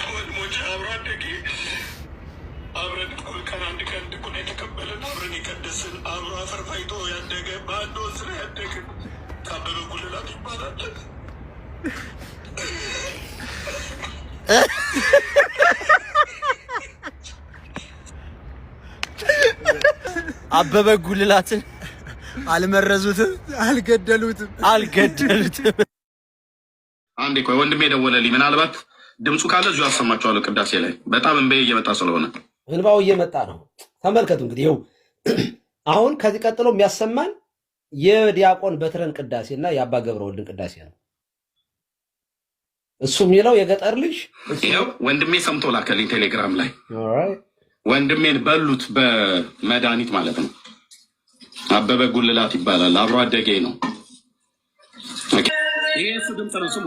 ከወንድሞች አብረ አደጌ አብረን አንድ ቀን አብረን የቀደስን አብሮ አፈር ያደገ በአንድ ወንዝ ላይ ጉልላት ይባላል። አበበ ጉልላትን አልመረዙትም፣ አልገደሉትም፣ አልገደሉትም። አንዴ ቆይ ወንድሜ ደወለልኝ ምናልባት ድምፁ ካለ እዚሁ አሰማችኋለሁ። ቅዳሴ ላይ በጣም እንበ እየመጣ ስለሆነ እንባው እየመጣ ነው። ተመልከቱ እንግዲህ ይኸው አሁን ከዚህ ቀጥሎ የሚያሰማን የዲያቆን በትረን ቅዳሴ እና የአባ ገብረ ወልድን ቅዳሴ ነው። እሱ የሚለው የገጠር ልጅ ይኸው ወንድሜ ሰምቶ ላከልኝ ቴሌግራም ላይ ወንድሜን በሉት በመድኃኒት ማለት ነው። አበበ ጉልላት ይባላል። አብሮ አደጌ ነው። ይህ እሱ ድምፅ ነው ስሙ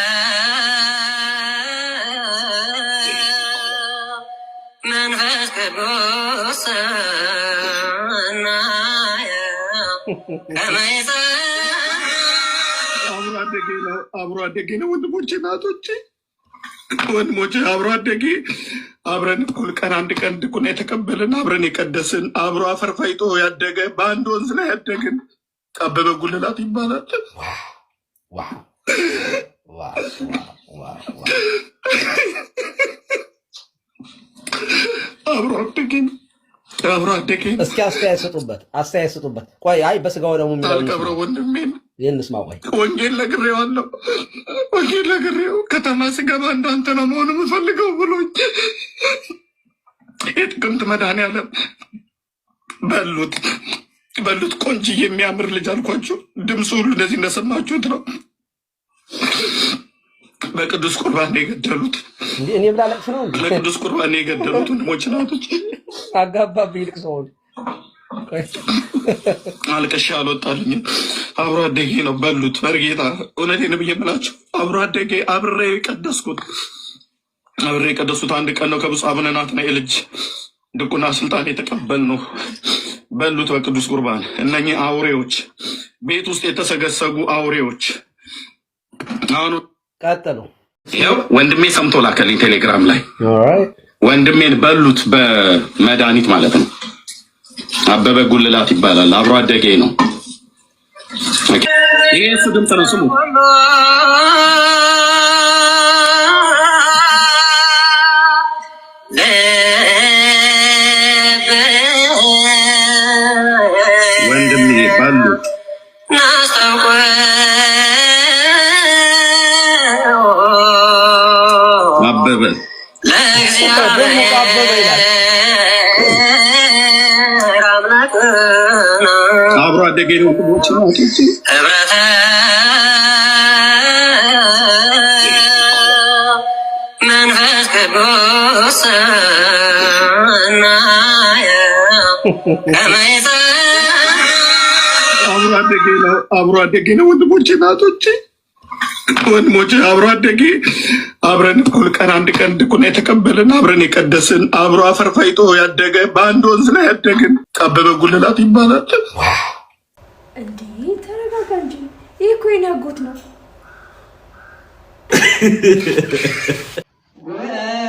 አብሮ አደጌ ነው። ወንድሞቼ ናቶቼ፣ ወንድሞቼ አብሮ አደጌ አብረን እኩል ቀን አንድ ቀን ድቁና የተቀበልን አብረን የቀደስን አብሮ አፈርፋይጦ ያደገ በአንድ ወንዝ ላይ ያደግን አበበ ጉልላት ይባላል። አብሮ እስኪ አስተያየት ስጡበት፣ አስተያየት ስጡበት። ቆይ አይ በስጋው ደግሞ ታልቀብረ ወንድሜን ይህን ስማ። ቆይ ወንጌል ነግሬዋለሁ፣ ወንጌል ነግሬው ከተማ ስገባ እንዳንተ ነው መሆኑ የምፈልገው ብሎኝ የጥቅምት መድኃኒዓለም በሉት በሉት ቆንጆ የሚያምር ልጅ አልኳችሁ። ድምፁ ሁሉ እንደዚህ እንደሰማችሁት ነው። በቅዱስ ቁርባን የገደሉት እኔ ብላ ነው። በቅዱስ ቁርባን የገደሉት ወንድሞች ናቶች አጋባብኝ ልቅ ሰሆን አልቀሻ አልወጣልኝም። አብሮ አደጌ ነው በሉት። በርጌታ እውነቴን ብዬ የምላችሁ አብሮ አደጌ አብሬ ቀደስኩት አብሬ የቀደሱት አንድ ቀን ነው ከብፁዕ አቡነ ናትናኤል እጅ ድቁና ስልጣን የተቀበል ነው በሉት። በቅዱስ ቁርባን እነኚህ አውሬዎች ቤት ውስጥ የተሰገሰጉ አውሬዎች አሁን ቀጥሉ። ይኸው ወንድሜ ሰምቶ ላከልኝ ቴሌግራም ላይ ወንድሜን በሉት በመድኃኒት ማለት ነው። አበበ ጉልላት ይባላል። አብሮ አደጌ ነው። ይህ እሱ ድምፅ ነው ስሙ ያሳደገ ነው። ክቦች ነው መንፈስ ቅዱስ አብሮ አደጌ ነው። ወንድሞቼ ናቶቼ ወንድሞቼ አብሮ አደጌ አብረን እኩል ቀን አንድ ቀን ድቁና የተቀበልን አብረን የቀደስን አብሮ አፈር ፈይቶ ያደገ በአንድ ወንዝ ላይ ያደግን ከአበበ ጉልላት ይባላል። እንዴ ተረጋጋ እንጂ። ይህ እኮ የኔ አጎት ነው።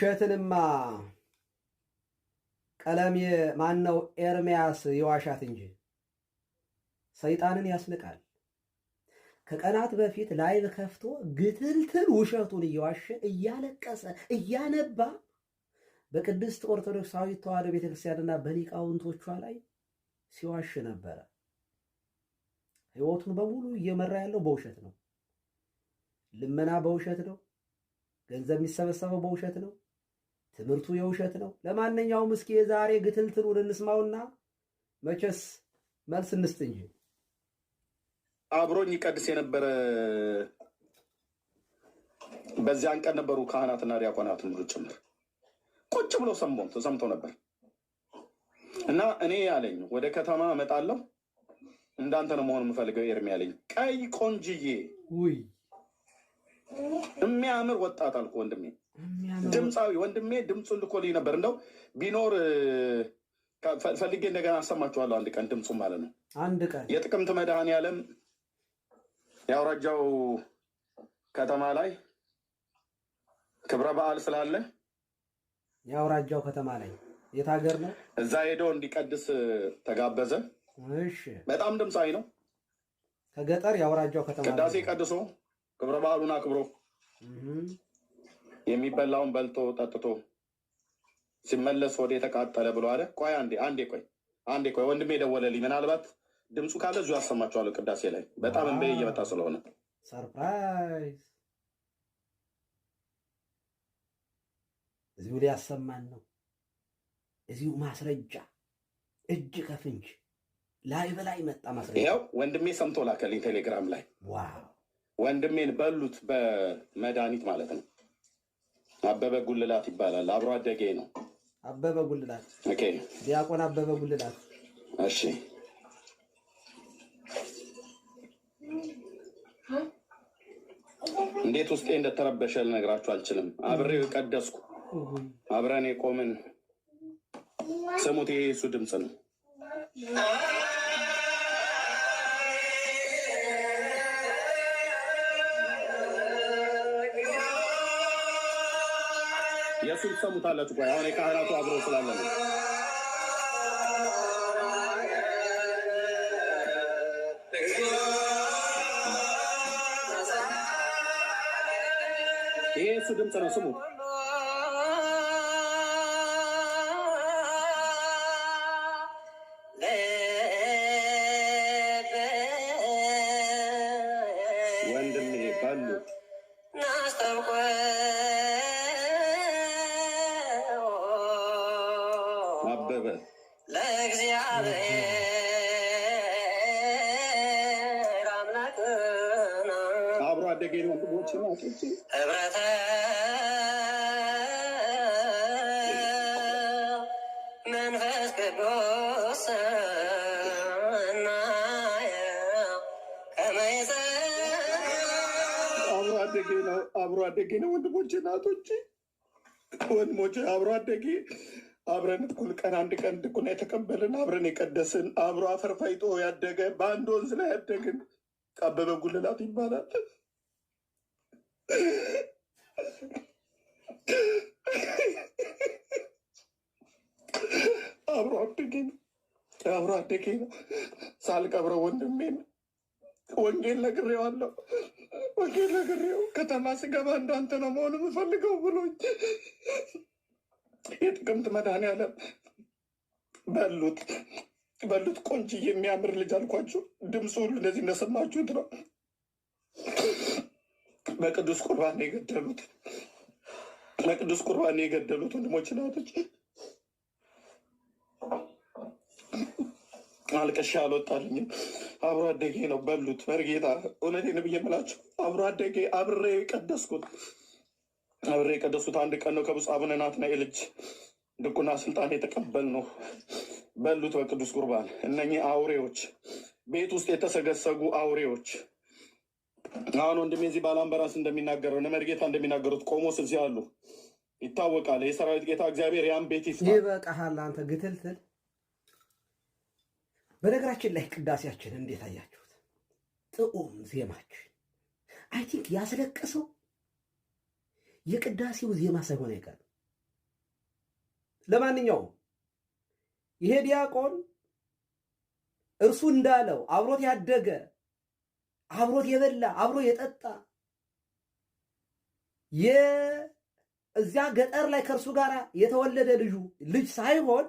ውሸትንማ ቀለሜ ማነው ኤርምያስ ይዋሻት እንጂ ሰይጣንን ያስንቃል። ከቀናት በፊት ላይቭ ከፍቶ ግትልትል ውሸቱን እየዋሸ እያለቀሰ እያነባ በቅድስት ኦርቶዶክሳዊት ተዋሕዶ ቤተክርስቲያንና በሊቃውንቶቿ ላይ ሲዋሽ ነበረ። ሕይወቱን በሙሉ እየመራ ያለው በውሸት ነው። ልመና በውሸት ነው። ገንዘብ የሚሰበሰበው በውሸት ነው። ትምህርቱ የውሸት ነው። ለማንኛውም እስኪ የዛሬ ግትልትሉን እንስማውና መቼስ መልስ እንስጥ እንጂ አብሮኝ ይቀድስ የነበረ በዚያን ቀን ነበሩ ካህናትና ዲያቆናት ሙሉ ጭምር ቁጭ ብሎ ሰምተው ተሰምቶ ነበር እና እኔ ያለኝ ወደ ከተማ እመጣለሁ እንዳንተ ነው መሆን የምፈልገው ኤርሚ ያለኝ ቀይ ቆንጅዬ የሚያምር ወጣት አልኩ ወንድሜ ድምፃዊ ወንድሜ ድምፁ ልኮልኝ ነበር። እንደው ቢኖር ፈልጌ እንደገና አሰማችኋለሁ አንድ ቀን ድምፁ ማለት ነው። አንድ ቀን የጥቅምት መድኃኔዓለም የአውራጃው ከተማ ላይ ክብረ በዓል ስላለ የአውራጃው ከተማ ላይ የት ሀገር ነው? እዛ ሄዶ እንዲቀድስ ተጋበዘ። በጣም ድምፃዊ ነው። ከገጠር የአውራጃው ከተማ ቅዳሴ ቀድሶ ክብረ በዓሉን አክብሮ የሚበላውን በልቶ ጠጥቶ ሲመለስ ወደ የተቃጠለ ብሎ አለ። ቆይ አንዴ አንዴ ቆይ አንዴ ቆይ ወንድሜ የደወለልኝ ምናልባት ድምፁ ካለ እዚሁ አሰማችኋለሁ። ቅዳሴ ላይ በጣም እንበ እየመጣ ስለሆነ ሰርፕራይዝ እዚሁ ሊያሰማን ነው። እዚሁ ማስረጃ እጅ ከፍንጅ ላይ በላይ መጣ ማስረጃ። ይኸው ወንድሜ ሰምቶ ላከልኝ ቴሌግራም ላይ። ወንድሜን በሉት በመድኃኒት ማለት ነው አበበ ጉልላት ይባላል። አብሮ አደጌ ነው። አበበ ጉልላት ዲያቆን አበበ ጉልላት። እሺ እንዴት ውስጤ እንደተረበሸ ልነግራችሁ አልችልም። አብሬው ቀደስኩ፣ አብረን የቆምን ስሙት። የኢየሱስ ድምፅ ነው። የእሱ ትሰሙታላችሁ። ቆይ አሁን የካህናቱ አብሮ ስላለ ነው። ይሄ የእሱ ድምፅ ነው። ስሙ ወንድም ባሉ እግዚአብሔር አምላክ አብሮ አደጌ ነው። ህብረተ መንፈስ ቅዱስ አብሮ አደጌ ነው። ወንድሞች እናቶች፣ ወንድሞች አብሮ አደጌ አብረን እኩል ቀን አንድ ቀን ድቁና የተቀበልን አብረን የቀደስን አብሮ አፈር ያደገ በአንድ ወንዝ ላይ ያደግን አበበ ጉልላት ይባላል። አብሮ አደጌ ነው። አብሮ አደጌ ነው። ሳልቀብረው ወንድሜ ነው። ወንጌል ነግሬዋለሁ። ወንጌል ነግሬው ከተማ ስገባ እንዳንተ ነው መሆኑ የምፈልገው ብሎኝ የጥቅምት መድኃኒዓለም በሉት በሉት ቆንጆ የሚያምር ልጅ አልኳችሁ። ድምፁ ሁሉ እንደዚህ እንደሰማችሁት ነው። በቅዱስ ቁርባን ነው የገደሉት። በቅዱስ ቁርባን ነው የገደሉት። ወንድሞች ናቶች አልቀሻ አልወጣልኝም። አብሮ አደጌ ነው በሉት። በርጌታ እውነቴን ብዬ የምላችሁ አብሮ አደጌ አብሬ ቀደስኩት። አብሬ የቀደሱት አንድ ቀን ነው። ከብፁዕ አቡነ ናትናኤል እጅ ድቁና ስልጣን የተቀበል ነው በሉት በቅዱስ ቁርባን። እነኚህ አውሬዎች ቤት ውስጥ የተሰገሰጉ አውሬዎች አሁን ወንድሜ እዚህ ባላምበራስ እንደሚናገረው ነመርጌታ እንደሚናገሩት ቆሞስ እዚህ አሉ ይታወቃል። የሰራዊት ጌታ እግዚአብሔር ያን ቤት ይፍ ይበቃሃል አንተ ግትልትል። በነገራችን ላይ ቅዳሴያችን እንዴት አያችሁት? ጥዑም ዜማችን አይ ቲንክ ያስለቀሰው የቅዳሴው ዜማ ሳይሆን አይቀርም። ለማንኛውም ይሄ ዲያቆን እርሱ እንዳለው አብሮት ያደገ አብሮት የበላ አብሮ የጠጣ እዚያ ገጠር ላይ ከእርሱ ጋር የተወለደ ልጁ ልጅ ሳይሆን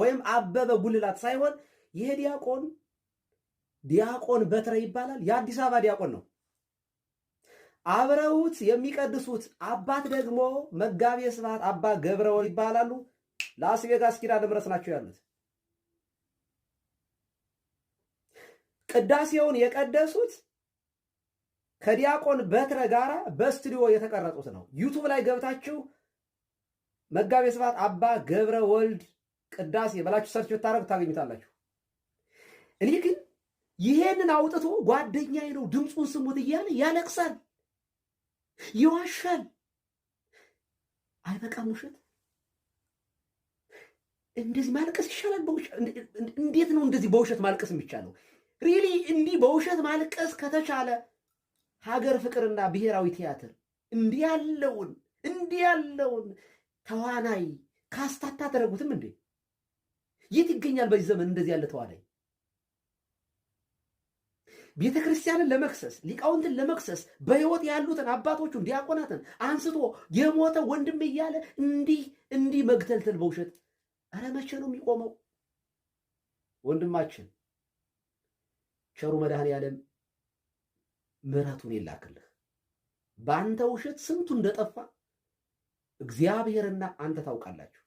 ወይም አበበ ጉልላት ሳይሆን ይሄ ዲያቆን ዲያቆን በትረ ይባላል። የአዲስ አበባ ዲያቆን ነው። አብረውት የሚቀድሱት አባት ደግሞ መጋቤ ስብሐት አባ ገብረወልድ ይባላሉ። ላስ ቬጋስ ኪዳነ ምሕረት ናቸው ያሉት። ቅዳሴውን የቀደሱት ከዲያቆን በትረ ጋራ በስቱዲዮ የተቀረጹት ነው። ዩቱብ ላይ ገብታችሁ መጋቤ ስብሐት አባ ገብረ ወልድ ቅዳሴ በላችሁ ሰርች ብታረጉ ታገኙታላችሁ። እኔ ግን ይሄንን አውጥቶ ጓደኛዬ ነው ድምፁን ስሙት እያለ ያለቅሳል። ይዋሻል። አይበቃም ውሸት። እንደዚህ ማልቀስ ይሻላል። እንዴት ነው እንደዚህ በውሸት ማልቀስ የሚቻለው? ሪሊ እንዲህ በውሸት ማልቀስ ከተቻለ ሀገር ፍቅርና ብሔራዊ ቲያትር እንዲህ ያለውን እንዲህ ያለውን ተዋናይ ካስታታ ተደረጉትም እንዴ? የት ይገኛል በዚህ ዘመን እንደዚህ ያለ ተዋናይ? ቤተ ክርስቲያንን ለመክሰስ ሊቃውንትን ለመክሰስ በሕይወት ያሉትን አባቶቹን ዲያቆናትን አንስቶ የሞተ ወንድም እያለ እንዲህ እንዲህ መግተልተል በውሸት ኧረ መቼ ነው የሚቆመው? ወንድማችን ቸሩ መድኃኔ ዓለም ምሕረቱን ይላክልህ። በአንተ ውሸት ስንቱ እንደጠፋ እግዚአብሔርና አንተ ታውቃላችሁ።